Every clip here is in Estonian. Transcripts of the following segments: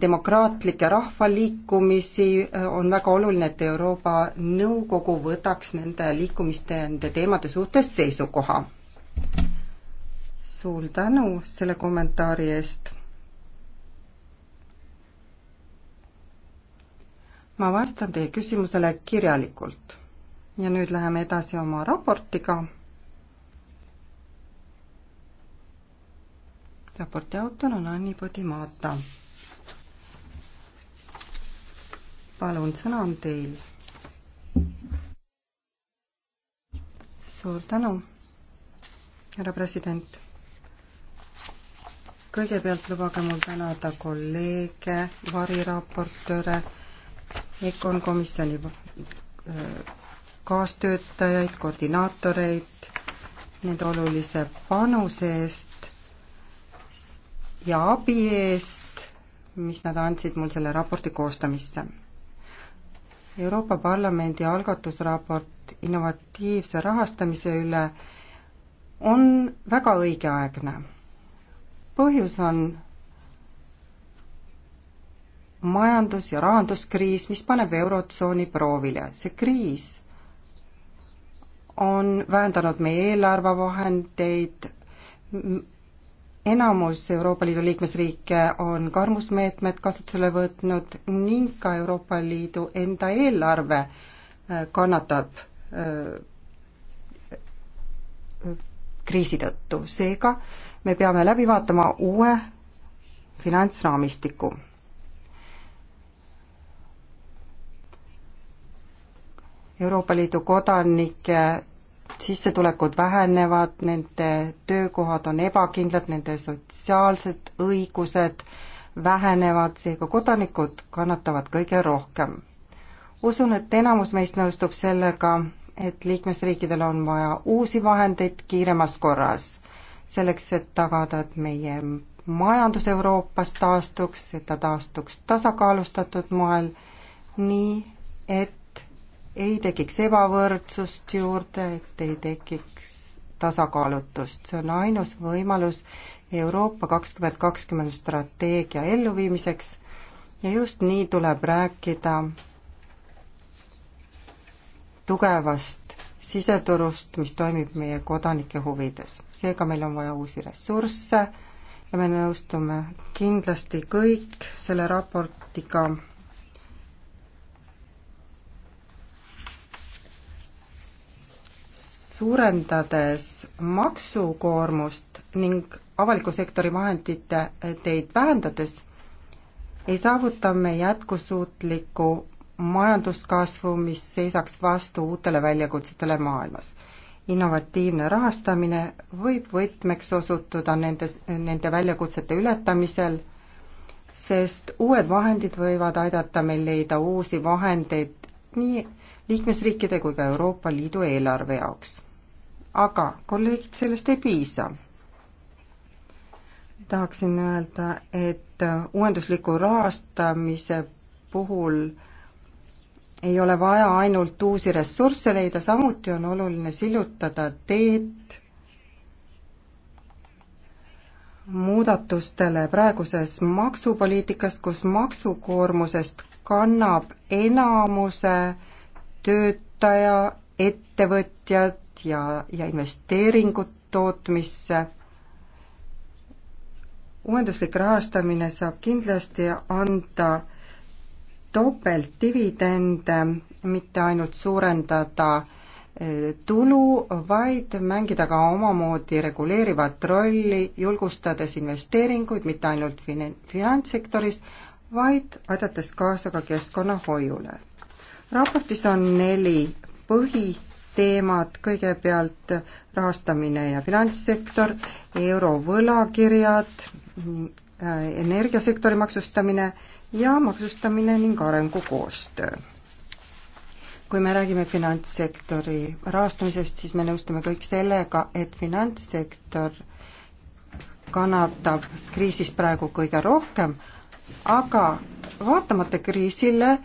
demokraatlikke rahvaliikumisi, äh, on väga oluline, et Euroopa Nõukogu võtaks nende liikumiste, nende teemade suhtes seisukoha. suur tänu selle kommentaari eest. ma vastan teie küsimusele kirjalikult. ja nüüd läheme edasi oma raportiga. raporti autor on Anni Podimata palun, sõna on teil. suur tänu, härra president. kõigepealt lubage mul tänada kolleege, variraportööre, EKOn komisjoni äh, kaastöötajaid, koordinaatoreid, nende olulise panuse eest ja abi eest, mis nad andsid mul selle raporti koostamisse Euroopa Parlamendi algatusraport innovatiivse rahastamise üle on väga õigeaegne. põhjus on majandus- ja rahanduskriis, mis paneb Eurotsooni proovile. see kriis on vähendanud meie eelarvevahendeid, enamus Euroopa Liidu liikmesriike on karmusmeetmed kasutusele võtnud ning ka Euroopa Liidu enda eelarve äh, kannatab äh, kriisi tõttu, seega me peame läbi vaatama uue finantsraamistiku. Euroopa Liidu kodanike sissetulekud vähenevad, nende töökohad on ebakindlad, nende sotsiaalsed õigused vähenevad, seega kodanikud kannatavad kõige rohkem. usun, et enamus meist nõustub sellega, et liikmesriikidel on vaja uusi vahendeid kiiremas korras, selleks et tagada, et meie majandus Euroopas taastuks, et ta taastuks tasakaalustatud moel, nii et ei tekiks ebavõrdsust juurde, et ei tekiks tasakaalutust, see on ainus võimalus Euroopa kakskümmend kakskümmend strateegia elluviimiseks ja just nii tuleb rääkida tugevast siseturust, mis toimib meie kodanike huvides. seega meil on vaja uusi ressursse ja me nõustume kindlasti kõik selle raportiga suurendades maksukoormust ning avaliku sektori vahendite teid vähendades, ei saavuta me jätkusuutlikku majanduskasvu, mis seisaks vastu uutele väljakutsetele maailmas. innovatiivne rahastamine võib võtmeks osutuda nendes, nende väljakutsete ületamisel, sest uued vahendid võivad aidata meil leida uusi vahendeid nii liikmesriikide kui ka Euroopa Liidu eelarve jaoks aga kolleegid, sellest ei piisa. tahaksin öelda, et äh, uuendusliku rahastamise puhul ei ole vaja ainult uusi ressursse leida, samuti on oluline sillutada teed muudatustele praeguses maksupoliitikas, kus maksukoormusest kannab enamuse töötaja, ettevõtjad, ja, ja investeeringud tootmisse. uuenduslik rahastamine saab kindlasti anda topeltdividende, mitte ainult suurendada eh, tulu, vaid mängida ka omamoodi reguleerivat rolli, julgustades investeeringuid mitte ainult fin-, finantssektoris, vaid aidates kaasa ka keskkonnahoiule. raportis on neli põhi teemad, kõigepealt rahastamine ja finantssektor, eurovõlakirjad, energiasektori maksustamine ja maksustamine ning arengukoostöö. kui me räägime finantssektori rahastamisest, siis me nõustume kõik sellega, et finantssektor kannatab kriisis praegu kõige rohkem, aga vaatamata kriisile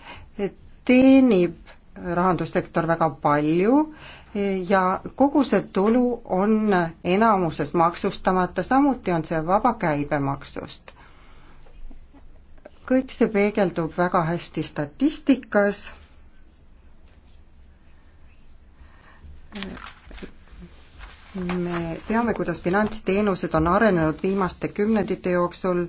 teenib rahandussektor väga palju ja kogu see tulu on enamuses maksustamata, samuti on see vaba käibemaksust. kõik see peegeldub väga hästi statistikas. me teame, kuidas finantsteenused on arenenud viimaste kümnendite jooksul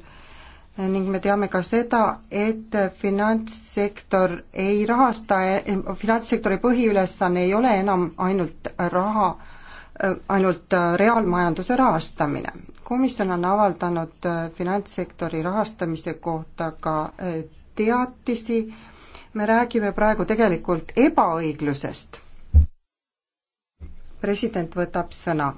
ning me teame ka seda, et finantssektor ei rahasta, finantssektori põhiülesanne ei ole enam ainult raha, ainult reaalmajanduse rahastamine. komisjon on avaldanud finantssektori rahastamise kohta ka e, teatisi, me räägime praegu tegelikult ebaõiglusest. president võtab sõna.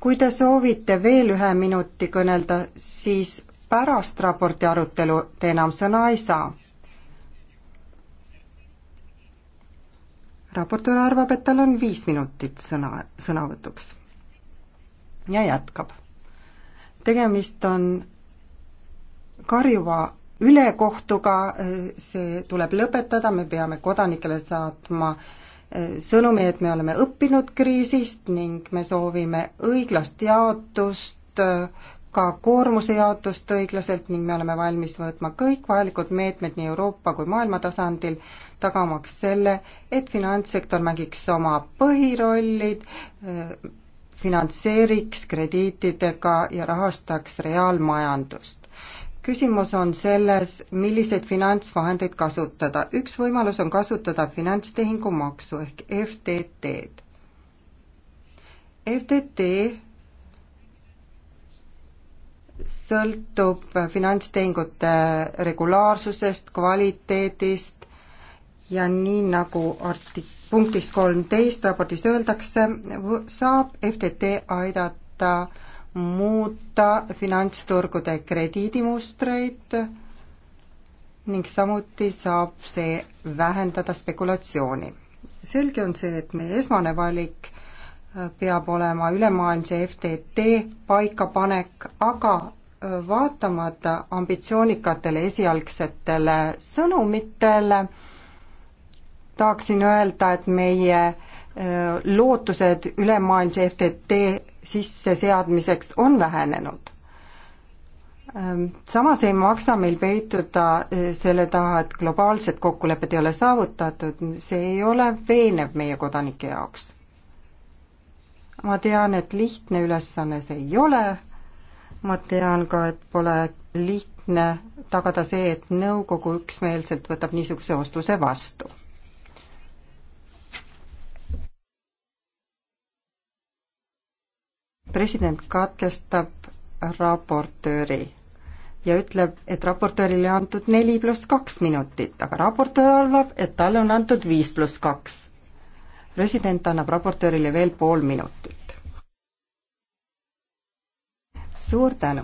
kui te soovite veel ühe minuti kõnelda, siis pärast raporti arutelu te enam sõna ei saa. raportöör arvab, et tal on viis minutit sõna, sõnavõtuks. ja jätkab. tegemist on karjuva ülekohtuga, see tuleb lõpetada, me peame kodanikele saatma eh, sõnumi, et me oleme õppinud kriisist ning me soovime õiglast jaotust eh, ka koormuse jaotust õiglaselt ning me oleme valmis võtma kõik vajalikud meetmed nii Euroopa kui maailma tasandil, tagamaks selle, et finantssektor mängiks oma põhirollid, finantseeriks krediitidega ja rahastaks reaalmajandust. küsimus on selles, milliseid finantsvahendeid kasutada. üks võimalus on kasutada finantstehingumaksu ehk FTT-d. FTT, FTT sõltub finantstehingute regulaarsusest, kvaliteedist ja nii nagu artik-, punktist kolmteist raportis öeldakse, saab FTT aidata muuta finantsturgude krediidimustreid ning samuti saab see vähendada spekulatsiooni. selge on see, et meie esmane valik äh, peab olema ülemaailmse FTT paikapanek, aga vaatamata ambitsioonikatele esialgsetele sõnumitele, tahaksin öelda, et meie äh, lootused ülemaailmse FTT sisseseadmiseks on vähenenud ähm, Samas ei maksa meil peituda äh, selle taha, et globaalset kokkulepet ei ole saavutatud, see ei ole veenev meie kodanike jaoks. ma tean, et lihtne ülesanne see ei ole, ma tean ka, et pole lihtne tagada see, et nõukogu üksmeelselt võtab niisuguse otsuse vastu. president katkestab raportööri ja ütleb, et raportöörile antud neli pluss kaks minutit, aga raportöör arvab, et talle on antud viis pluss kaks. president annab raportöörile veel pool minutit suur tänu!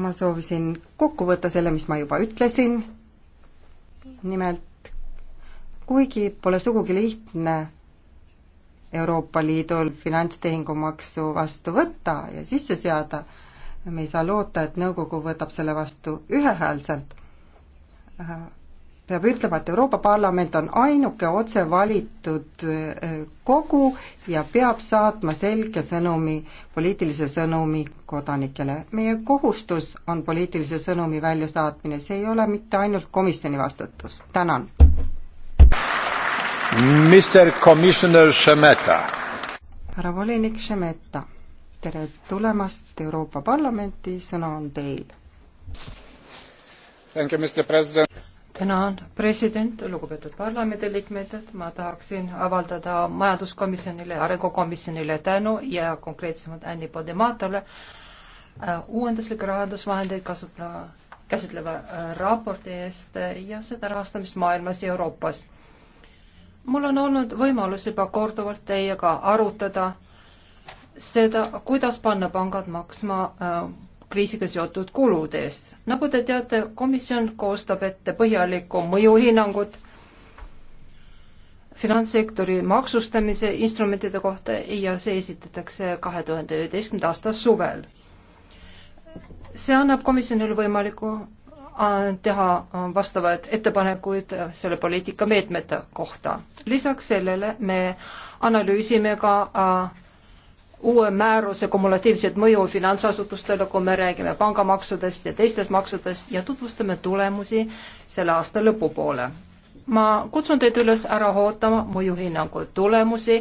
ma soovisin kokku võtta selle, mis ma juba ütlesin, nimelt kuigi pole sugugi lihtne Euroopa Liidul finantstehingumaksu vastu võtta ja sisse seada, me ei saa loota, et nõukogu võtab selle vastu ühehäälselt peab ütlema, et Euroopa Parlament on ainuke otse valitud äh, kogu ja peab saatma selge sõnumi, poliitilise sõnumi kodanikele. meie kohustus on poliitilise sõnumi väljasaatmine, see ei ole mitte ainult komisjoni vastutus, tänan. Mr Commissioner Šemeta. härra volinik Šemeta, tere tulemast Euroopa Parlamenti, sõna on teil. Thank you, Mr President tänan, president, lugupeetud parlamendiliikmed, ma tahaksin avaldada majanduskomisjonile, arengukomisjonile tänu ja konkreetsemalt Anni Podematole äh, uuenduslikke rahandusvahendeid kasutava, käsitleva äh, raporti eest ja seda rahastamist maailmas ja Euroopas. mul on olnud võimalus juba korduvalt teiega arutada seda, kuidas panna pangad maksma äh, kriisiga seotud kulude eest. nagu te teate, komisjon koostab ette põhjalikku mõjuhinnangut finantssektori maksustamise instrumentide kohta ja see esitatakse kahe tuhande üheteistkümnenda aasta suvel. see annab komisjonile võimaliku äh, teha vastavaid ettepanekuid selle poliitika meetmete kohta. lisaks sellele me analüüsime ka äh, uue määruse kumulatiivset mõju finantsasutustele, kui me räägime pangamaksudest ja teistest maksudest ja tutvustame tulemusi selle aasta lõpupoole. ma kutsun teid üles ära ootama mõjuhinnangu tulemusi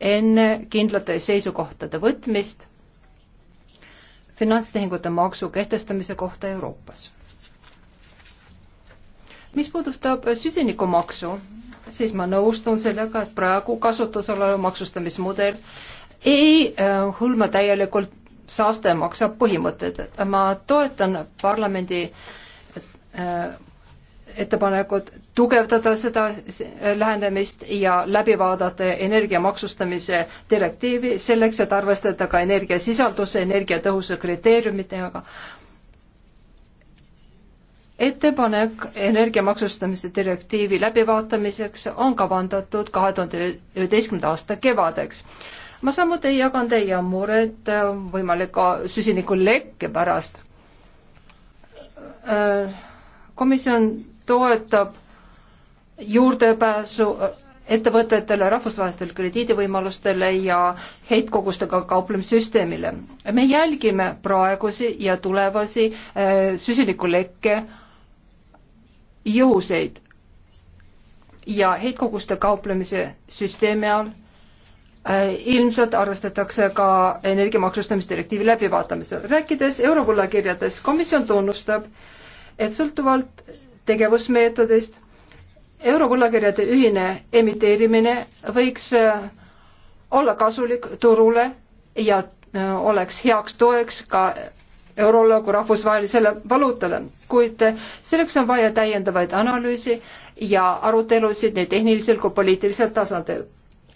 enne kindlate seisukohtade võtmist finantstehingute maksu kehtestamise kohta Euroopas. mis puudutab süsinikumaksu, siis ma nõustun sellega, et praegu kasutusel olev maksustamismudel ei äh, hõlma täielikult saaste maksab põhimõtted. ma toetan parlamendi äh, ettepanekut tugevdada seda äh, lähenemist ja läbi vaadata energia maksustamise direktiivi selleks, et arvestada ka energiasisalduse, energiatõhususe kriteeriumitega. ettepanek energia maksustamise direktiivi läbivaatamiseks on kavandatud kahe tuhande üheteistkümnenda aasta kevadeks ma samuti jagan teie muret äh, võimaliku süsinikulekke pärast. Äh, komisjon toetab juurdepääsu äh, ettevõtetele, rahvusvahelistele krediidivõimalustele ja heitkogustega kauplemissüsteemile. me jälgime praegusi ja tulevasi äh, süsinikulekke juhuseid ja heitkoguste kauplemise süsteemi all Äh, ilmselt arvestatakse ka energia maksustamisdirektiivi läbivaatamisel. rääkides eurovõlakirjades, komisjon tunnustab, et sõltuvalt tegevusmeetodist eurovõlakirjade ühine emiteerimine võiks äh, olla kasulik turule ja äh, oleks heaks toeks ka eurole kui rahvusvahelisele valuutale, kuid selleks on vaja täiendavaid analüüsi ja arutelusid nii tehnilisel kui poliitilisel tasandil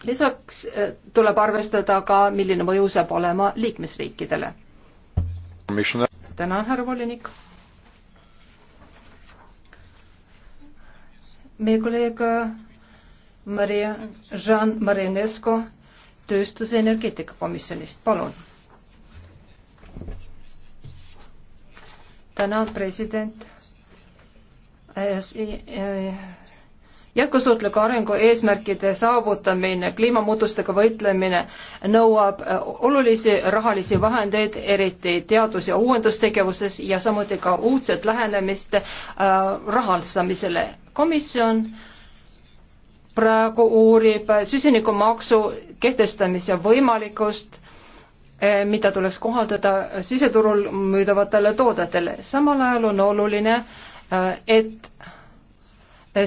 lisaks äh, tuleb arvestada ka, milline mõju saab olema liikmesriikidele. tänan, härra volinik. meie kolleeg äh, Maria, Jean Marinesco tööstus- ja energeetikakomisjonist, palun. tänan, president. Äh, jätkusuutliku arengu eesmärkide saavutamine, kliimamuutustega võitlemine nõuab äh, olulisi rahalisi vahendeid, eriti teadus- ja uuendustegevuses ja samuti ka uudset lähenemist äh, rahastamisele. komisjon praegu uurib süsinikumaksu kehtestamise võimalikkust äh, mida tuleks kohaldada siseturul müüdavatele toodetele. samal ajal on oluline, äh, et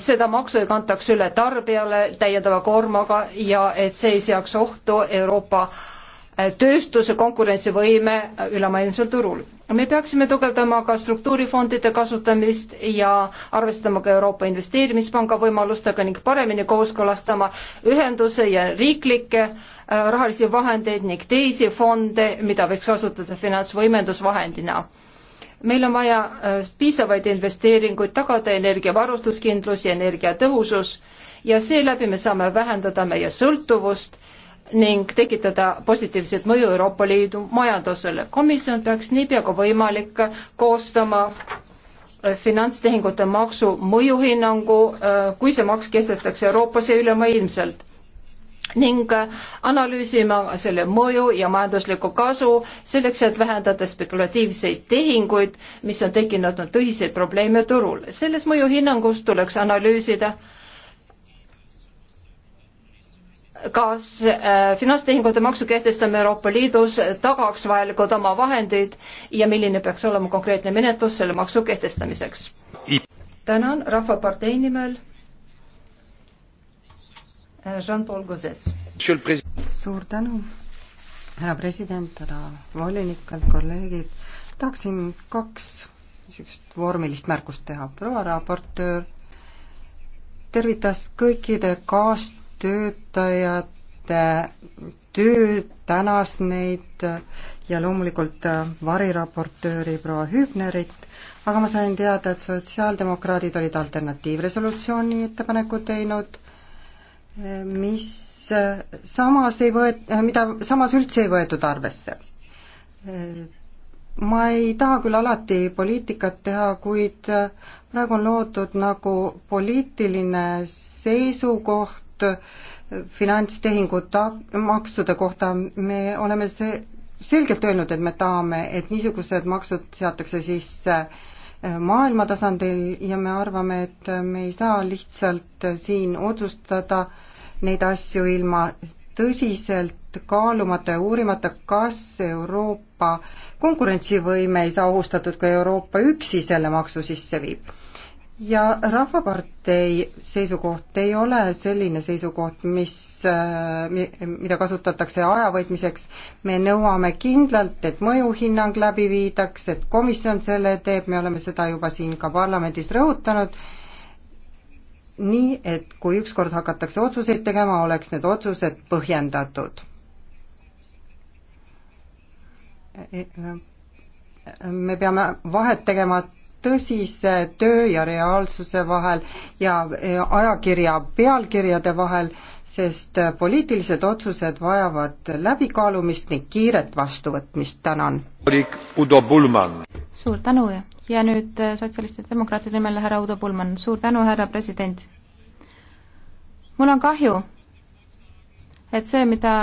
seda maksu ei kantaks üle tarbijale täiendava koormaga ja et see ei seaks ohtu Euroopa äh, tööstuse konkurentsivõime äh, ülemaailmsel turul. me peaksime tugevdama ka struktuurifondide kasutamist ja arvestama ka Euroopa Investeerimispanga võimalustega ning paremini kooskõlastama ühenduse ja riiklikke äh, rahalisi vahendeid ning teisi fonde, mida võiks kasutada finantsvõimendusvahendina meil on vaja äh, piisavaid investeeringuid, tagada energiavarustuskindlus ja energiatõhusus ja seeläbi me saame vähendada meie sõltuvust ning tekitada positiivset mõju Euroopa Liidu majandusele. komisjon peaks niipea kui võimalik koostama äh, finantstehingute maksu mõjuhinnangu, äh, kui see maks kehtestatakse Euroopas ja ülemaailmselt ning äh, analüüsima selle mõju ja majanduslikku kasu selleks, et vähendada spekulatiivseid tehinguid, mis on tekkinud tõsiseid probleeme turul. selles mõjuhinnangus tuleks analüüsida, kas äh, finantstehingute maksu kehtestamine Euroopa Liidus tagaks vajalikud oma vahendid ja milline peaks olema konkreetne menetlus selle maksu kehtestamiseks. tänan Rahvapartei nimel Jean-Paul Gauzes. suur tänu, härra president, härra volinik, head kolleegid. tahaksin kaks niisugust vormilist märkust teha. proua raportöör tervitas kõikide kaastöötajate tööd, tänas neid ja loomulikult variraportööri proua Hübnerit, aga ma sain teada, et sotsiaaldemokraadid olid alternatiivresolutsiooni ettepaneku teinud mis äh, samas ei võet-, äh, mida samas üldse ei võetud arvesse. Äh, ma ei taha küll alati poliitikat teha, kuid praegu on loodud nagu poliitiline seisukoht finantstehingute maksude kohta, me oleme see, selgelt öelnud, et me tahame, et niisugused maksud seatakse sisse maailma tasandil ja me arvame, et me ei saa lihtsalt siin otsustada äh, neid asju ilma tõsiselt kaalumata ja uurimata, kas Euroopa konkurentsivõime ei saa ohustatud, kui Euroopa üksi selle maksu sisse viib. ja Rahvapartei seisukoht ei ole selline seisukoht, mis, mida kasutatakse ajavõitmiseks, me nõuame kindlalt, et mõjuhinnang läbi viidaks, et komisjon selle teeb, me oleme seda juba siin ka parlamendis rõhutanud, nii, et kui ükskord hakatakse otsuseid tegema, oleks need otsused põhjendatud. me peame vahet tegema tõsise töö ja reaalsuse vahel ja ajakirja pealkirjade vahel, sest poliitilised otsused vajavad läbikaalumist ning kiiret vastuvõtmist, tänan. suur tänu ja ja nüüd äh, sotsialistide demokraatide nimel härra Udo Pulman, suur tänu, härra president. mul on kahju, et see, mida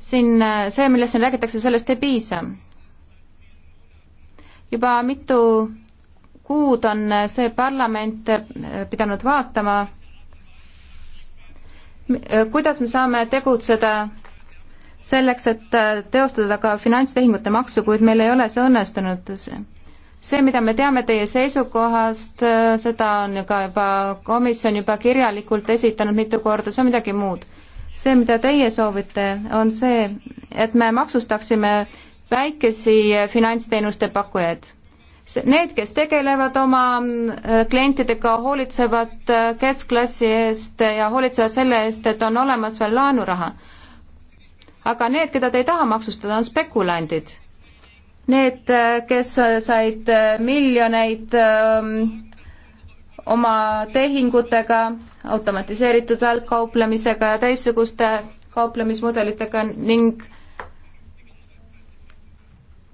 siin, äh, see, millest siin räägitakse, sellest ei piisa. juba mitu kuud on äh, see parlament pidanud vaatama, kuidas me saame tegutseda selleks, et teostada ka finantstehingute maksu, kuid meil ei ole see õnnestunud see, mida me teame teie seisukohast, seda on ju ka juba komisjon juba kirjalikult esitanud mitu korda, see on midagi muud. see, mida teie soovite, on see, et me maksustaksime väikesi finantsteenuste pakkujaid. Need, kes tegelevad oma äh, klientidega, hoolitsevad äh, keskklassi eest ja hoolitsevad selle eest, et on olemas veel laenuraha. aga need, keda te ei taha maksustada, on spekulandid Need, kes said miljoneid ähm, oma tehingutega, automatiseeritud välkkauplemisega ja teistsuguste kauplemismudelitega ning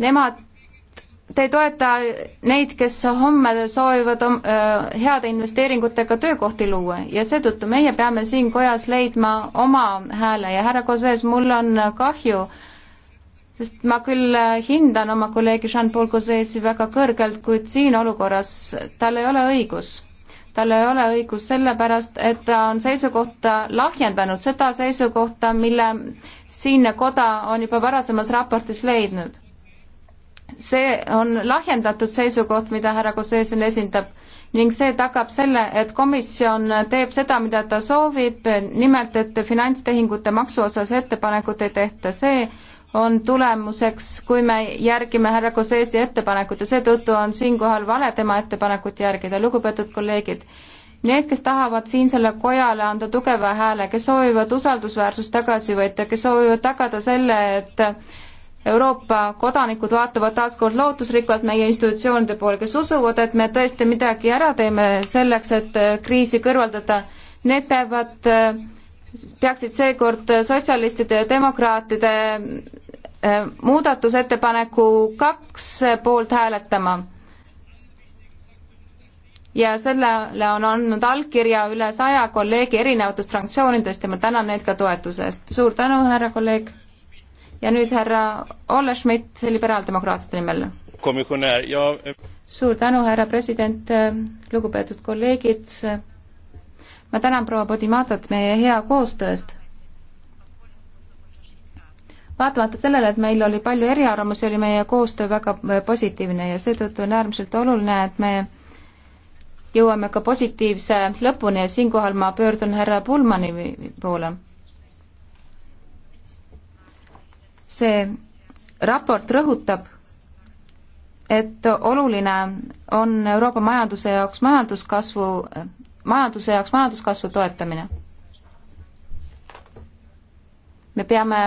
nemad, te ei toeta neid, kes homme soovivad om, ähm, öö, äh, heade investeeringutega töökohti luua ja seetõttu meie peame siin kojas leidma oma hääle ja härra Koses, mul on kahju, sest ma küll äh, hindan oma kolleegi Jean-Paul Gauzesi väga kõrgelt, kuid siin olukorras tal ei ole õigus. tal ei ole õigus sellepärast, et ta on seisukohta lahjendanud, seda seisukohta, mille siinne koda on juba varasemas raportis leidnud. see on lahjendatud seisukoht, mida härra Gauzesin esindab ning see tagab selle, et komisjon teeb seda, mida ta soovib, nimelt et finantstehingute maksu osas ettepanekut ei tehta, see on tulemuseks, kui me järgime härra Kosesi ettepanekut ja seetõttu on siinkohal vale tema ettepanekut järgida, lugupeetud kolleegid. Need, kes tahavad siinsele kojale anda tugeva hääle, kes soovivad usaldusväärsust tagasi võtta, kes soovivad tagada selle, et Euroopa kodanikud vaatavad taaskord lootusrikkalt meie institutsioonide poole, kes usuvad, et me tõesti midagi ära teeme selleks, et kriisi kõrvaldada, need peavad, peaksid seekord sotsialistide ja demokraatide Äh, muudatusettepaneku kaks poolt hääletama. ja sellele on andnud allkirja üle saja kolleegi erinevatest fraktsioonidest ja ma tänan neid ka toetuse eest. suur tänu, härra kolleeg. ja nüüd härra Olle Schmidt liberaaldemokraatide nimel. Ja... suur tänu, härra president, lugupeetud kolleegid. ma tänan proua Podimatat meie hea koostöö eest vaatamata sellele, et meil oli palju eriarvamusi, oli meie koostöö väga äh, positiivne ja seetõttu on äärmiselt oluline, et me jõuame ka positiivse lõpuni ja siinkohal ma pöördun härra Pullmani poole. see raport rõhutab, et oluline on Euroopa majanduse jaoks majanduskasvu, majanduse jaoks majanduskasvu toetamine. me peame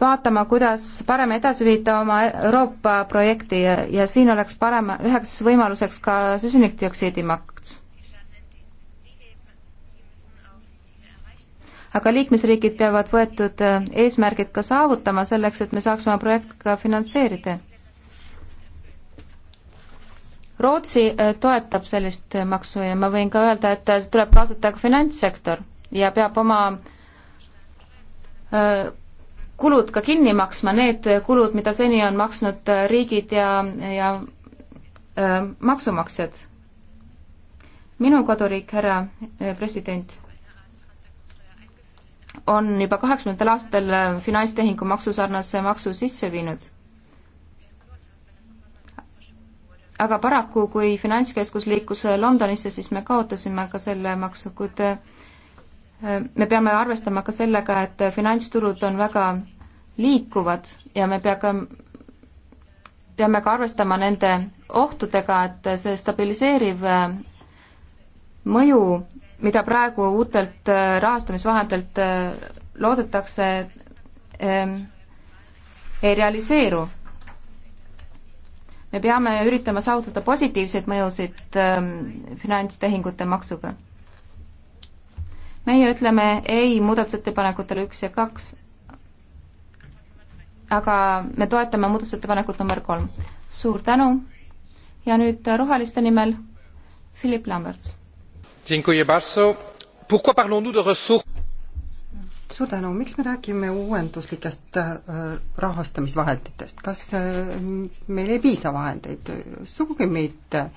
vaatama, kuidas parem edasi viita oma Euroopa projekti ja, ja siin oleks parem, üheks võimaluseks ka süsinikdioksiidi maks. aga liikmesriigid peavad võetud äh, eesmärgid ka saavutama selleks, et me saaksime oma projekti ka finantseerida. Rootsi äh, toetab sellist maksu ja ma võin ka öelda, et äh, tuleb kaasata ka finantssektor ja peab oma öö, kulud ka kinni maksma, need kulud, mida seni on maksnud äh, riigid ja, ja äh, maksumaksjad. minu koduriik, härra äh, president, on juba kaheksakümnendatel aastatel äh, finantstehingu maksusarnase maksu sisse viinud. aga paraku, kui finantskeskus liikus Londonisse, siis me kaotasime ka selle maksu, kuid äh, me peame arvestama ka sellega, et finantsturud on väga liikuvad ja me pea ka, peame ka arvestama nende ohtudega, et see stabiliseeriv äh, mõju, mida praegu uutelt äh, rahastamisvahenditelt äh, loodetakse, ähm, ei realiseeru. me peame üritama saavutada positiivseid mõjusid ähm, finantstehingute maksuga meie ütleme ei muudatusettepanekutele üks ja kaks, aga me toetame muudatusettepanekut number kolm. suur tänu ja nüüd roheliste nimel Philip Lamberts. suur tänu, miks me räägime uuenduslikest äh, rahastamisvahenditest, kas äh, meil ei piisa vahendeid? sugugi mitte äh,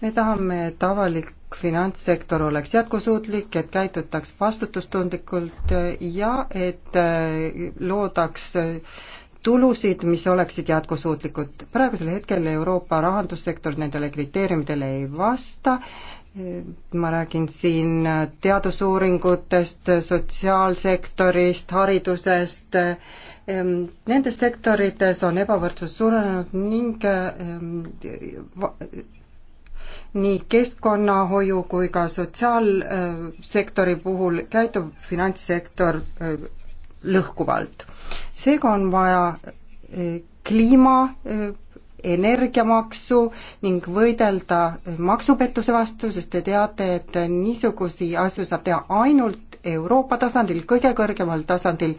me tahame, et avalik finantssektor oleks jätkusuutlik, et käitutaks vastutustundlikult ja et äh, loodaks äh, tulusid, mis oleksid jätkusuutlikud. praegusel hetkel Euroopa rahandussektor nendele kriteeriumidele ei vasta, äh, ma räägin siin teadusuuringutest, sotsiaalsektorist, haridusest, ähm, nendes sektorites on ebavõrdsus suurenenud ning ähm, nii keskkonnahoiu kui ka sotsiaalsektori puhul käitub finantssektor äh, lõhkuvalt. seega on vaja äh, kliima äh, energiamaksu ning võidelda maksupettuse vastu, sest te teate, et niisugusi asju saab teha ainult Euroopa tasandil, kõige kõrgemal tasandil.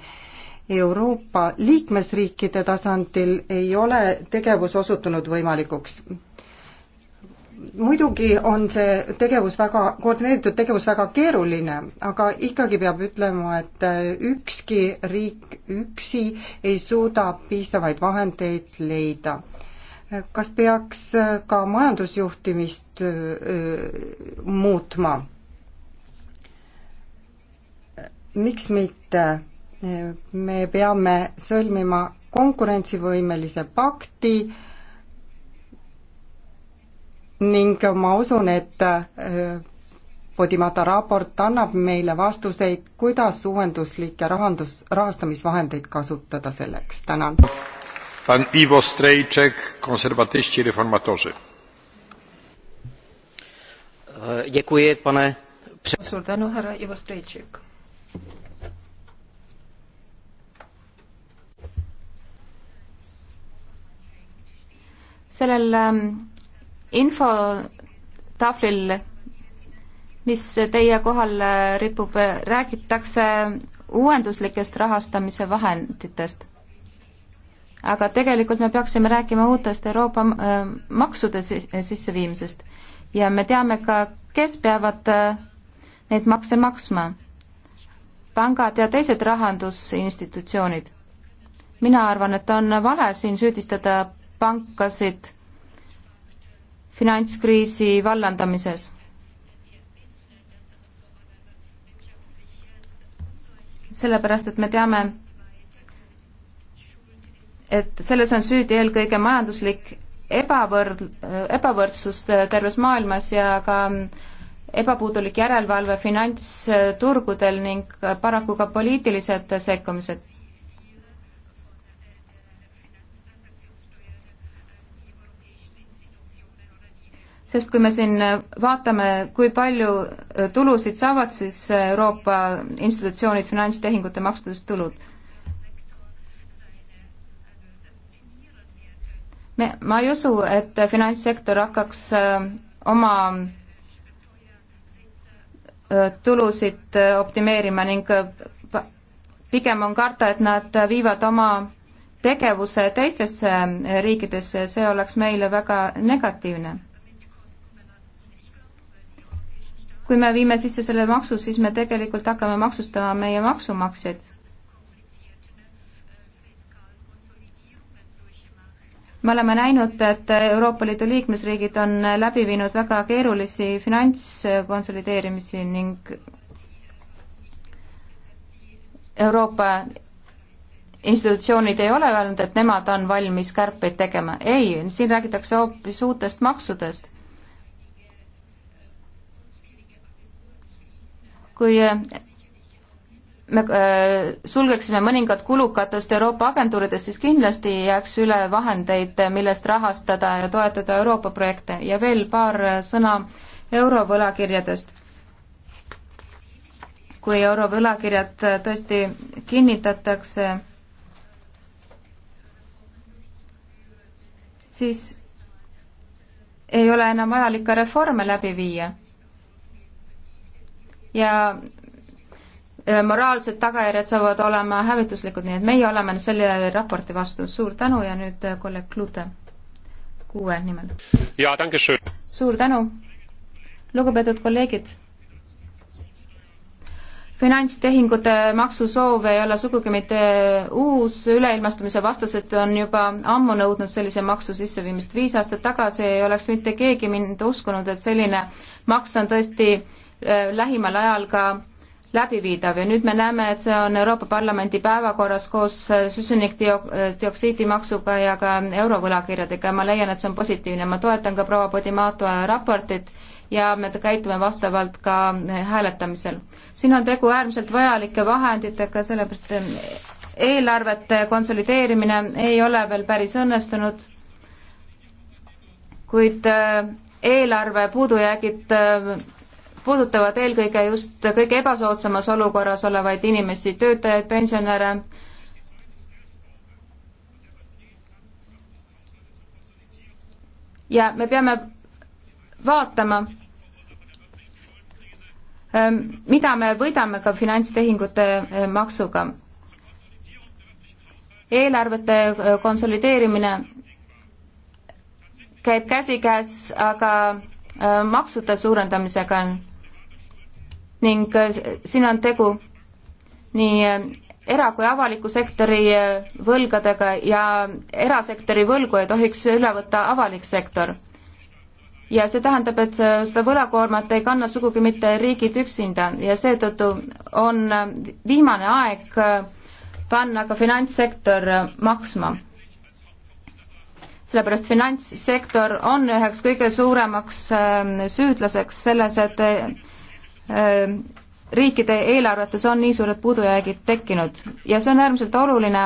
Euroopa liikmesriikide tasandil ei ole tegevus osutunud võimalikuks muidugi on see tegevus väga, koordineeritud tegevus väga keeruline, aga ikkagi peab ütlema, et äh, ükski riik üksi ei suuda piisavaid vahendeid leida. kas peaks äh, ka majandusjuhtimist äh, muutma? miks mitte? me peame sõlmima konkurentsivõimelise pakti äh, ning ma usun, et äh, Podimata raport annab meile vastuseid, kuidas uuenduslikke rahandus, rahastamisvahendeid kasutada selleks, tänan. Pan Ivo Strejček, konservatisti reformatoři. Děkuji, pane Suur tänu, härra Ivo Strejček. sellel infotahvlil, mis teie kohal ripub, räägitakse uuenduslikest rahastamise vahenditest. aga tegelikult me peaksime rääkima uutest Euroopa äh, maksude sisseviimisest ja me teame ka, kes peavad äh, neid makse maksma. pangad ja teised rahandusinstitutsioonid. mina arvan, et on vale siin süüdistada pankasid finantskriisi vallandamises. sellepärast, et me teame, et selles on süüdi eelkõige majanduslik ebavõrd-, ebavõrdsus terves maailmas ja ka ebapuudulik järelevalve finantsturgudel ning paraku ka poliitilised sekkumised sest kui me siin vaatame, kui palju äh, tulusid saavad siis äh, Euroopa institutsioonid finantstehingute maksudest tulud. me, ma ei usu, et finantssektor hakkaks äh, oma tulusid optimeerima ning pigem on karta, et nad viivad oma tegevuse teistesse riikidesse ja see oleks meile väga negatiivne kui me viime sisse selle maksu, siis me tegelikult hakkame maksustama meie maksumaksjaid. me oleme näinud, et Euroopa Liidu liikmesriigid on läbi viinud väga keerulisi finantskonsolideerimisi ning Euroopa institutsioonid ei ole öelnud, et nemad on valmis kärpeid tegema. ei, siin räägitakse hoopis uutest maksudest kui äh, me äh, sulgeksime mõningad kulukatest Euroopa agentuuridest, siis kindlasti jääks üle vahendeid, millest rahastada ja toetada Euroopa projekte ja veel paar sõna eurovõlakirjadest. kui eurovõlakirjad tõesti kinnitatakse, siis ei ole enam vajalik ka reforme läbi viia ja moraalsed tagajärjed saavad olema hävituslikud, nii et meie oleme selle raporti vastu. suur tänu ja nüüd äh, kolleeg Klute kuue nimel. suur tänu, lugupeetud kolleegid. finantstehingute maksusoov ei ole sugugi mitte uus, üleilmastumise vastased on juba ammu nõudnud sellise maksu sisseviimist. viis aastat tagasi ei oleks mitte keegi mind uskunud, et selline maks on tõesti Äh, lähimal ajal ka läbiviidav ja nüüd me näeme, et see on Euroopa Parlamendi päevakorras koos äh, süsinikdioksiidi maksuga ja ka eurovõlakirjadega ja ma leian, et see on positiivne, ma toetan ka proua Podimato raportit ja me käitume vastavalt ka äh, hääletamisel. siin on tegu äärmiselt vajalike vahenditega, sellepärast eelarvete konsolideerimine ei ole veel päris õnnestunud, kuid eelarve puudujäägid puudutavad eelkõige just kõige ebasoodsamas olukorras olevaid inimesi, töötajaid, pensionäre. ja me peame vaatama, ähm, mida me võidame ka finantstehingute äh, maksuga. eelarvete äh, konsolideerimine käib käsikäes aga äh, maksude suurendamisega ning äh, siin on tegu nii äh, era- kui avaliku sektori äh, võlgadega ja erasektori võlgu ei tohiks üle võtta avalik sektor. ja see tähendab, et seda võlakoormat ei kanna sugugi mitte riigid üksinda ja seetõttu on viimane aeg panna ka finantssektor maksma. sellepärast finantssektor on üheks kõige suuremaks ähm, süüdlaseks selles, et Äh, riikide eelarvetes on nii suured puudujäägid tekkinud ja see on äärmiselt oluline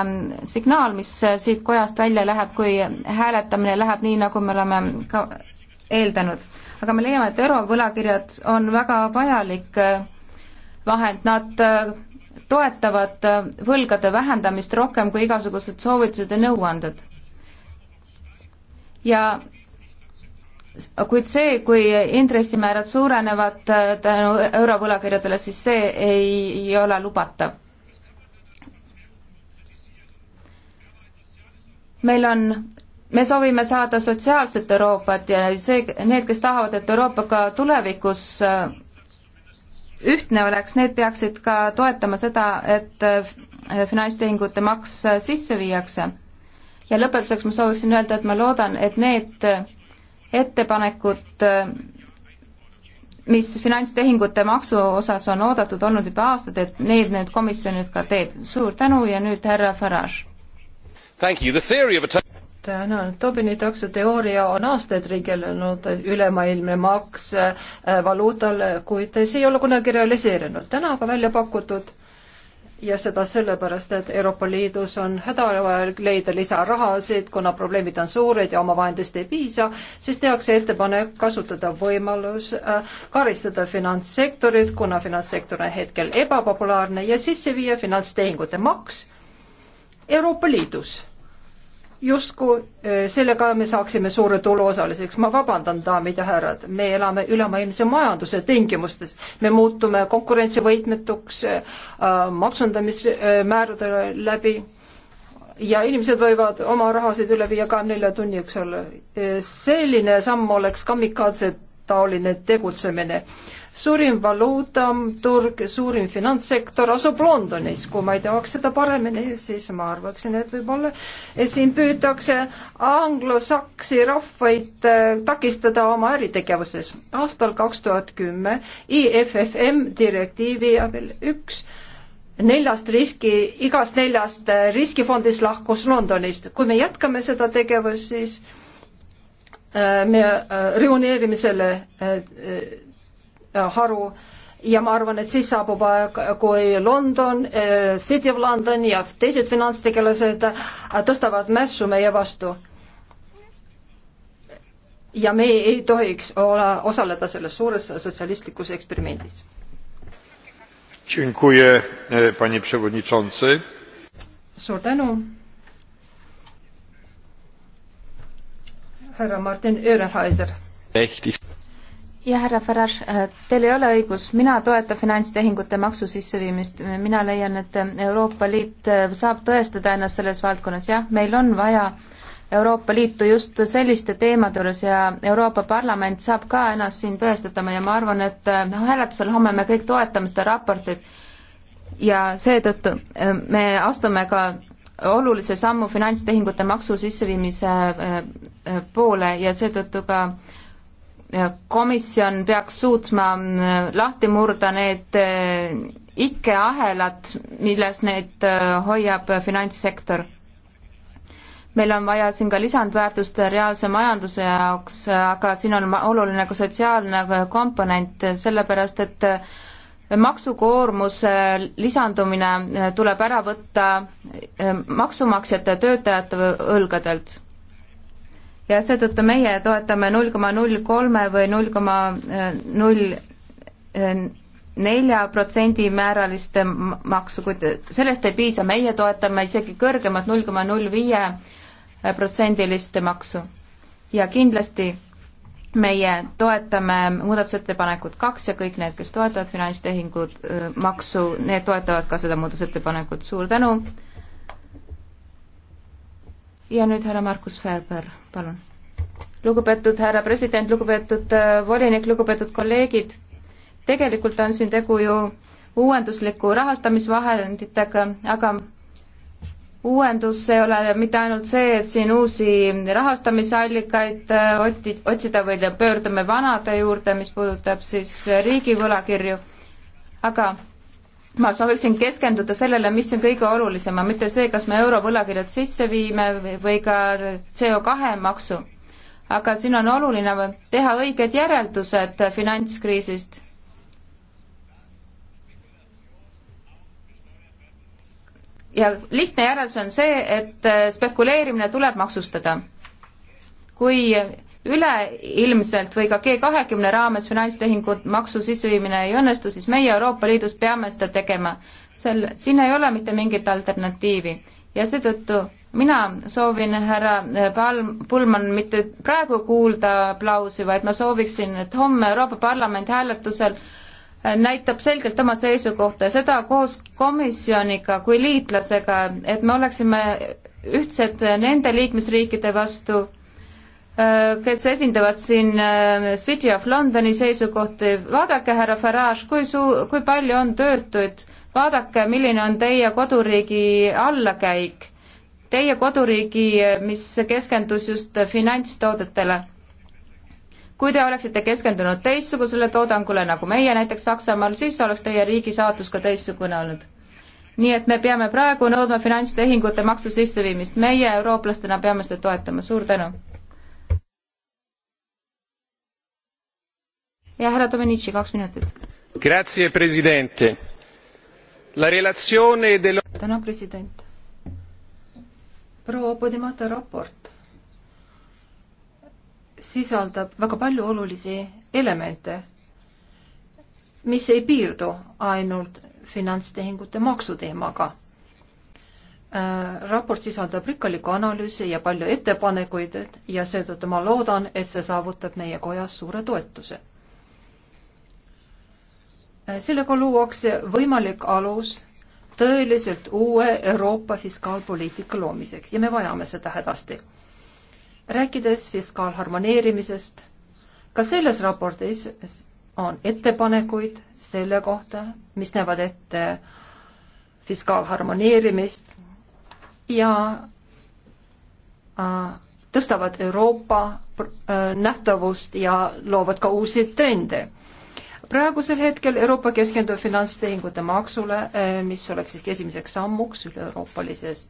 signaal, mis siit kojast välja läheb, kui hääletamine läheb nii, nagu me oleme ka eeldanud. aga me leiame, et eurovõlakirjad on väga vajalik äh, vahend, nad äh, toetavad võlgade vähendamist rohkem kui igasugused soovitused ja nõuanded. ja kuid see, kui intressimäärad suurenevad äh, tänu eurovõlakirjadele, siis see ei, ei ole lubatav. meil on, me soovime saada sotsiaalset Euroopat ja see, need, kes tahavad, et Euroopa ka tulevikus äh, ühtne oleks, need peaksid ka toetama seda, et äh, finantstehingute maks sisse viiakse. ja lõpetuseks ma sooviksin öelda, et ma loodan, et need ettepanekut, mis finantstehingute maksu osas on oodatud olnud juba aastaid, et need nüüd komisjon nüüd ka teeb. suur tänu ja nüüd härra Farage. tänan, Tobini taksoteooria on aastaid riigelenud ülemaailmne maks äh, valuutale, kuid see ei ole kunagi realiseerunud. täna aga välja pakutud ja seda sellepärast, et Euroopa Liidus on hädavajalik leida lisarahasid, kuna probleemid on suured ja omavahendist ei piisa, siis tehakse ettepanek kasutada võimalus äh, karistada finantssektorit, kuna finantssektor on hetkel ebapopulaarne ja sisse viia finantstehingute maks Euroopa Liidus justkui eh, sellega me saaksime suure tulu osaliseks. ma vabandan, daamid ja härrad, me elame ülemaailmse majanduse tingimustes, me muutume konkurentsivõitmetuks äh, eh, maksundamismäärade äh, läbi ja inimesed võivad oma rahasid üle viia kahekümne nelja tunni jooksul. Eh, selline samm oleks kamikaadse taoline tegutsemine. suurim valuutaturg, suurim finantssektor asub Londonis, kui ma ei teaks seda paremini, siis ma arvaksin, et võib-olla siin püütakse anglosaksi rahvaid äh, takistada oma äritegevuses. aastal kaks tuhat kümme IFFM direktiivi abil üks neljast riski, igast neljast riskifondist lahkus Londonist. kui me jätkame seda tegevust, siis Äh, me äh, reoneerime selle äh, haru ja ma arvan, et siis saabub aeg, kui London, City of London ja teised finantstegelased tõstavad mässu meie vastu. ja me ei tohiks olla, osaleda selles suures sotsialistlikus eksperimendis. E, suur tänu. härra Martin Öörenhaiser. ja härra Farage, äh, teil ei ole õigus, mina toetan finantstehingute maksu sisseviimist, mina leian, et äh, Euroopa Liit äh, saab tõestada ennast selles valdkonnas, jah, meil on vaja Euroopa Liitu just selliste teemade juures ja Euroopa Parlament saab ka ennast siin tõestatama ja ma arvan, et noh, hääletusel homme me kõik toetame seda raportit ja seetõttu me astume ka olulise sammu finantstehingute maksu sisseviimise äh, äh, poole ja seetõttu ka äh, komisjon peaks suutma lahti murda need ikkeahelad, milles neid hoiab finantssektor. meil on vaja siin ka lisandväärtust reaalse majanduse jaoks, aga siin on oluline ka sotsiaalne komponent, sellepärast et äh, maksukoormuse lisandumine eh, tuleb ära võtta eh, maksumaksjate töötajate õlgadelt. ja seetõttu meie toetame null koma null kolme või null koma null nelja protsendi määralist maksu, kuid sellest ei piisa, meie toetame isegi kõrgemat null koma null viie protsendilist maksu. ja kindlasti meie toetame muudatusettepanekut kaks ja kõik need, kes toetavad finantstehingud, maksu, need toetavad ka seda muudatusettepanekut, suur tänu. ja nüüd härra Markus Ferber, palun. lugupeetud härra president, lugupeetud volinik, lugupeetud kolleegid, tegelikult on siin tegu ju uuendusliku rahastamisvahenditega, aga uuendus ei ole mitte ainult see, et siin uusi rahastamisallikaid äh, otsida või pöördume vanade juurde, mis puudutab siis riigi võlakirju, aga ma sooviksin keskenduda sellele, mis on kõige olulisem, mitte see, kas me eurovõlakirjad sisse viime või ka CO2 maksu. aga siin on oluline teha õiged järeldused finantskriisist ja lihtne järeldus on see, et äh, spekuleerimine tuleb maksustada. kui üleilmselt või ka G kahekümne raames finantstehingud maksu sisseviimine ei õnnestu, siis meie Euroopa Liidus peame seda tegema. sel, siin ei ole mitte mingit alternatiivi ja seetõttu mina soovin härra äh, Palm, Pullman mitte praegu kuulda aplausi, vaid ma sooviksin, et homme Euroopa Parlamendi hääletusel äh, näitab selgelt oma seisukohta ja seda koos komisjoniga kui liitlasega, et me oleksime ühtsed nende liikmesriikide vastu, äh, kes esindavad siin äh, City of Londoni seisukohti. vaadake, härra Farage, kui suu-, kui palju on töötuid, vaadake, milline on teie koduriigi allakäik, teie koduriigi, mis keskendus just finantstoodetele kui te oleksite keskendunud teistsugusele toodangule, nagu meie näiteks Saksamaal, siis oleks teie riigi saatus ka teistsugune olnud. nii et me peame praegu nõudma finantstehingute maksu sisseviimist, meie eurooplastena peame seda toetama, suur tänu. ja härra Domenici, kaks minutit. Grazie, president. La relazione del... tänan, president. proua Podimata raport sisaldab väga palju olulisi elemente, mis ei piirdu ainult finantstehingute maksuteemaga äh,. raport sisaldab rikkalikku analüüsi ja palju ettepanekuid ja seetõttu ma loodan, et see saavutab meie kojas suure toetuse äh,. sellega luuakse võimalik alus tõeliselt uue Euroopa fiskaalpoliitika loomiseks ja me vajame seda hädasti rääkides fiskaalharmoneerimisest, ka selles raportis on ettepanekuid selle kohta, mis näevad ette fiskaalharmoneerimist ja äh, tõstavad Euroopa äh, nähtavust ja loovad ka uusi trende. praegusel hetkel Euroopa keskendub finantstehingute maksule, äh, mis oleks siis esimeseks sammuks üle-euroopalises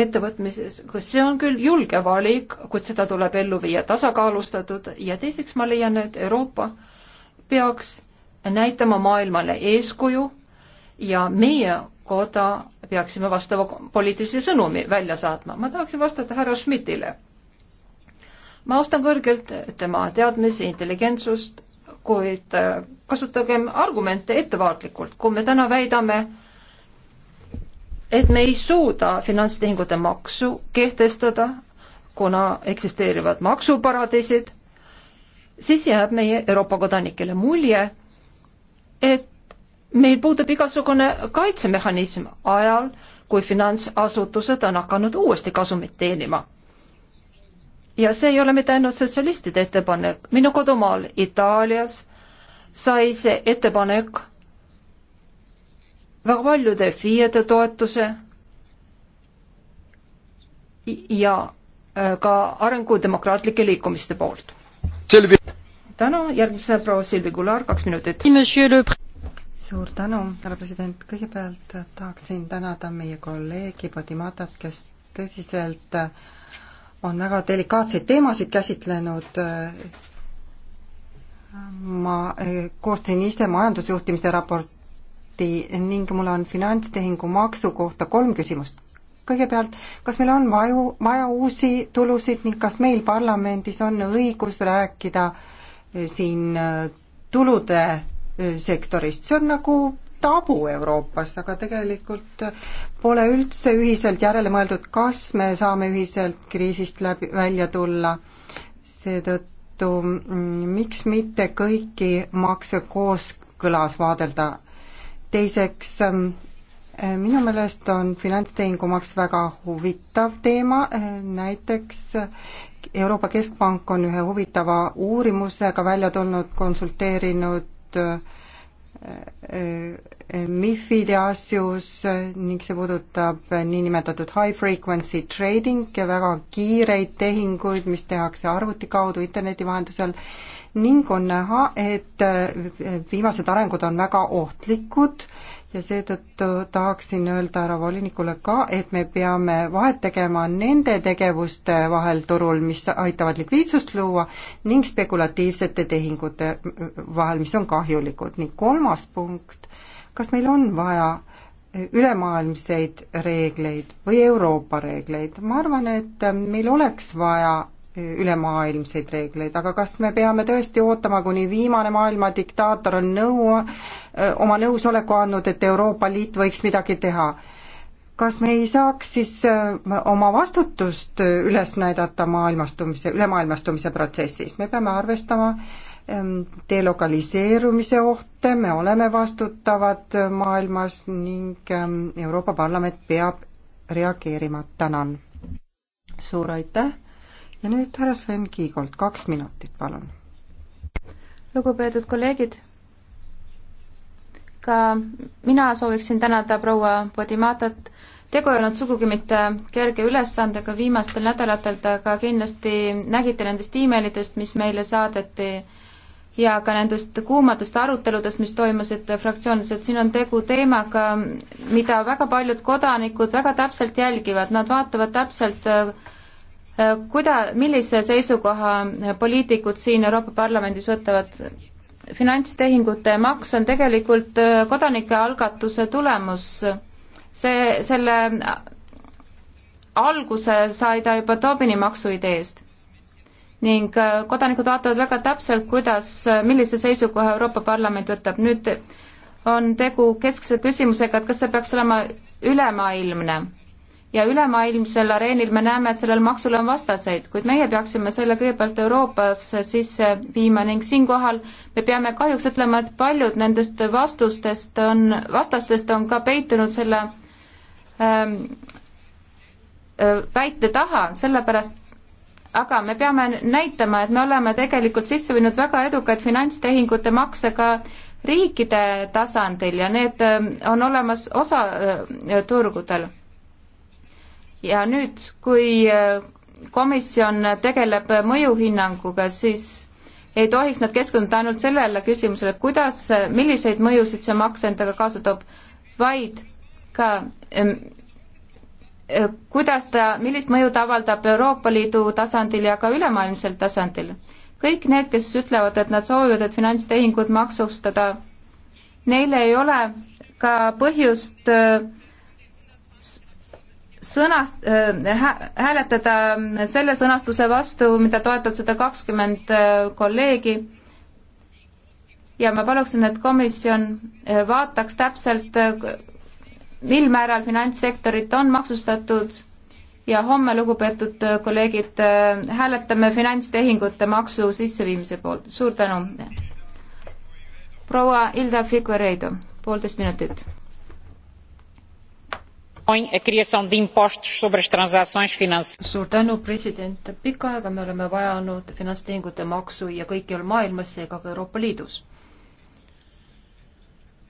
ettevõtmises, kus see on küll julge valik, kuid seda tuleb ellu viia tasakaalustatud ja teiseks ma leian, et Euroopa peaks näitama maailmale eeskuju ja meie koda peaksime vastava poliitilise sõnumi välja saatma. ma tahaksin vastata härra Schmidtile. ma austan kõrgelt tema teadmisi, intelligentsust, kuid kasutagem argumente ettevaatlikult, kui me täna väidame, et me ei suuda finantstehingute maksu kehtestada, kuna eksisteerivad maksuparadiisid, siis jääb meie Euroopa kodanikele mulje, et meil puudub igasugune kaitsemehhanism ajal, kui finantsasutused on hakanud uuesti kasumit teenima. ja see ei ole mitte ainult sotsialistide ettepanek, minu kodumaal Itaalias sai see ettepanek väga paljude FIE-de toetuse ja äh, ka arengudemokraatlike liikumiste poolt. täna järgmise proua Silvi Kular, kaks minutit. suur tänu, härra president, kõigepealt äh, tahaksin tänada meie kolleegi Padimatat, kes tõsiselt äh, on väga delikaatseid teemasid käsitlenud ma koostasin ise majandusjuhtimise raport, raporti ning mul on finantstehingu maksu kohta kolm küsimust. kõigepealt, kas meil on vaju, vaja uusi tulusid ning kas meil parlamendis on õigus rääkida eh, siin eh, tulude eh, sektorist, see on nagu tabu Euroopas, aga tegelikult pole üldse ühiselt järele mõeldud, kas me saame ühiselt kriisist läbi, välja tulla. seetõttu mm, miks mitte kõiki makse kooskõlas vaadelda, teiseks, ähm, äh, minu meelest on finantstehingumaks väga huvitav teema, äh, näiteks äh, Euroopa Keskpank on ühe huvitava uurimusega välja tulnud, konsulteerinud äh, MIFide asjus ning see puudutab niinimetatud high frequency trading ja väga kiireid tehinguid, mis tehakse arvuti kaudu interneti vahendusel ning on näha, et viimased arengud on väga ohtlikud ja seetõttu tahaksin öelda härra volinikule ka, et me peame vahet tegema nende tegevuste vahel turul, mis aitavad likviidsust luua, ning spekulatiivsete tehingute äh, vahel, mis on kahjulikud. ning kolmas punkt, kas meil on vaja äh, ülemaailmseid reegleid või Euroopa reegleid, ma arvan, et äh, meil oleks vaja ülemaailmseid reegleid, aga kas me peame tõesti ootama, kuni viimane maailma diktaator on nõu, oma nõusoleku andnud, et Euroopa Liit võiks midagi teha? kas me ei saaks siis äh, oma vastutust üles näidata maailmastumise, ülemaailmastumise protsessis, me peame arvestama ähm, delokaliseerumise ohte, me oleme vastutavad äh, maailmas ning ähm, Euroopa Parlament peab reageerima, tänan. suur aitäh ja nüüd härra Sven Kiigolt kaks minutit, palun. lugupeetud kolleegid, ka mina sooviksin tänada proua Podimatat, tegu ei olnud sugugi mitte kerge ülesandega viimastel nädalatel, te aga kindlasti nägite nendest emailidest, mis meile saadeti ja ka nendest kuumadest aruteludest, mis toimusid fraktsioonides, et siin on tegu teemaga, mida väga paljud kodanikud väga täpselt jälgivad, nad vaatavad täpselt, Äh, kuida-, millise seisukoha poliitikud siin Euroopa Parlamendis võtavad? finantstehingute maks on tegelikult äh, kodanike algatuse tulemus. see, selle äh, alguse sai ta juba Tobini maksu ideest. ning kodanikud vaatavad väga täpselt, kuidas, millise seisukoha Euroopa Parlament võtab. nüüd on tegu keskse küsimusega, et kas see peaks olema ülemaailmne ja ülemaailmsel areenil me näeme, et sellel maksul on vastaseid, kuid meie peaksime selle kõigepealt Euroopas sisse viima ning siinkohal me peame kahjuks ütlema, et paljud nendest vastustest on, vastastest on ka peitunud selle ähm, äh, väite taha, sellepärast aga me peame näitama, et me oleme tegelikult sisse viinud väga edukaid finantstehingute makse ka riikide tasandil ja need ähm, on olemas osa äh, turgudel ja nüüd, kui äh, komisjon tegeleb mõjuhinnanguga, siis ei tohiks nad keskenduda ainult sellele küsimusele, kuidas, äh, milliseid mõjusid see maks endaga kaasa toob, vaid ka äh, kuidas ta, millist mõju ta avaldab Euroopa Liidu tasandil ja ka ülemaailmsel tasandil. kõik need, kes ütlevad, et nad soovivad, et finantstehingud maksustada, neil ei ole ka põhjust äh, sõnast äh,, hääletada selle sõnastuse vastu, mida toetab sada kakskümmend kolleegi ja ma paluksin, et komisjon vaataks täpselt, mil määral finantssektorit on maksustatud ja homme, lugupeetud kolleegid, hääletame finantstehingute maksu sisseviimise poolt, suur tänu. proua Hilda Figueiredo, poolteist minutit suur tänu, president. pikka aega me oleme vajanud finantstehingute maksu ja kõikjal maailmas, seega ka Euroopa Liidus.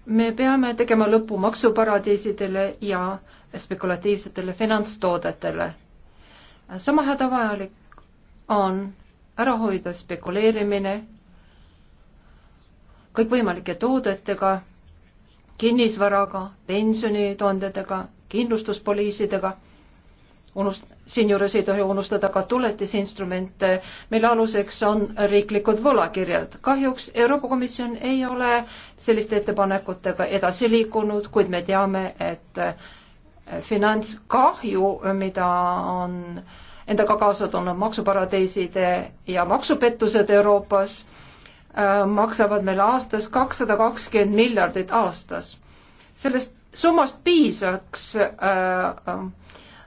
me peame tegema lõpu maksuparadiisidele ja spekulatiivsetele finantstoodetele. sama hädavajalik on ära hoida spekuleerimine kõikvõimalike toodetega, kinnisvaraga, pensionitondadega kindlustuspoliisidega. Unust-, siinjuures ei tohi unustada ka tuletisinstrumente, mille aluseks on riiklikud võlakirjad. kahjuks Euroopa Komisjon ei ole selliste ettepanekutega edasi liikunud, kuid me teame, et eh, finantskahju, mida on endaga kaasa tulnud maksuparadiiside ja maksupettused Euroopas äh,, maksavad meile aastas kakssada kakskümmend miljardit aastas. sellest summast piisaks äh, äh,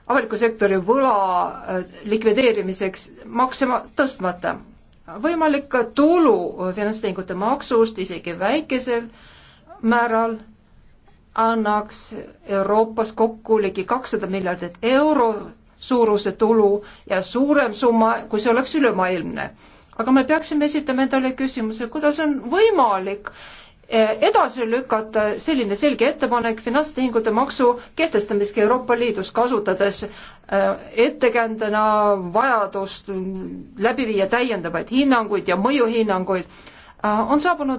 avaliku sektori võla äh, likvideerimiseks makse tõstmata. võimalik ka tulu finantstehingute maksust isegi väikesel määral annaks Euroopas kokku ligi kakssada miljardit euro suuruse tulu ja suurem summa, kui see oleks ülemaailmne. aga me peaksime esitama endale küsimuse, kuidas on võimalik äh, Eh, edasi lükata selline selge ettepanek finantstehingute maksu kehtestamiski Euroopa Liidus, kasutades eh, ettekäändena vajadust läbi viia täiendavaid hinnanguid ja mõjuhinnanguid, eh, on saabunud